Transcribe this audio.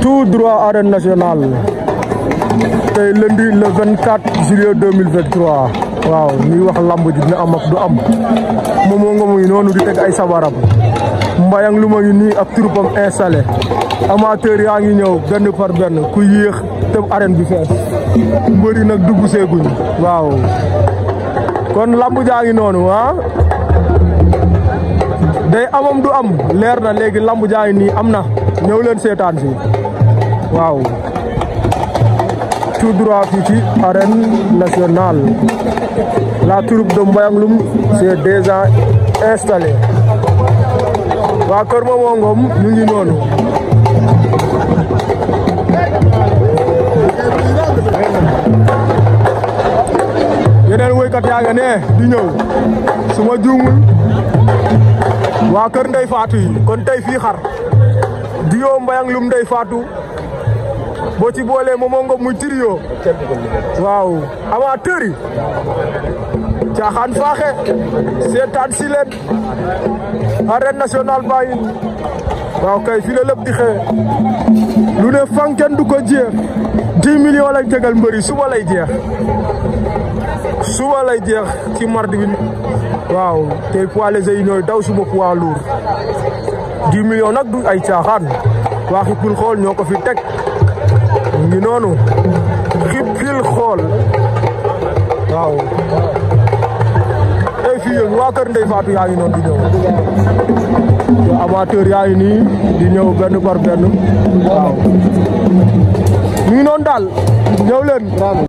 tout droit arène nationale lundi le 24 juillet 2023 waaw ni wax lamb ji dina am ak du am momo moo nga muy noonu di teg ay sabaram mbayang lu ma ngi nii ak turupam installé amateur yaa ngi ñëw benn par benn ku yéex tëb arène bi fees mbëri nag waaw kon lamb jaa ngi noonu ah day amam du am leer na legi lamb jaa ngi amna. ñëw leen seetaan si waaw tout droit fii ci arène nationale la troupe de Mbayang Loum c'est déjà installé waa Kër Momar Ngom ñu ngi noonu yeneen woykat yaa nga ne di ñëw su ma waa kër Ndey Faatu yi kon tey fii xar Guillaume Mbayang lum day Fatou bo ci bolé Momo Ngom muy trio waaw amateur yi caaxaan faaxe seetaan si leen arène national bàyyi waaw kay fi la lépp di xé lu ne fanken du ko jeex 10 millions lañ tégal mbeuri suba lay jéx suba lay jéx ci mardi bi waaw tey poids les yi daw suba poids lourd 10 millions du ay caaxaan waa xippil xool ñoo ko fi teg mu ngi noonu xippil xool waaw tey fii yéen waa kër Ndeye Fatou yaa noonu di ñëw te amateur yaa nii di ñëw benn par benn waaw mu ngi noonu daal ñëw leen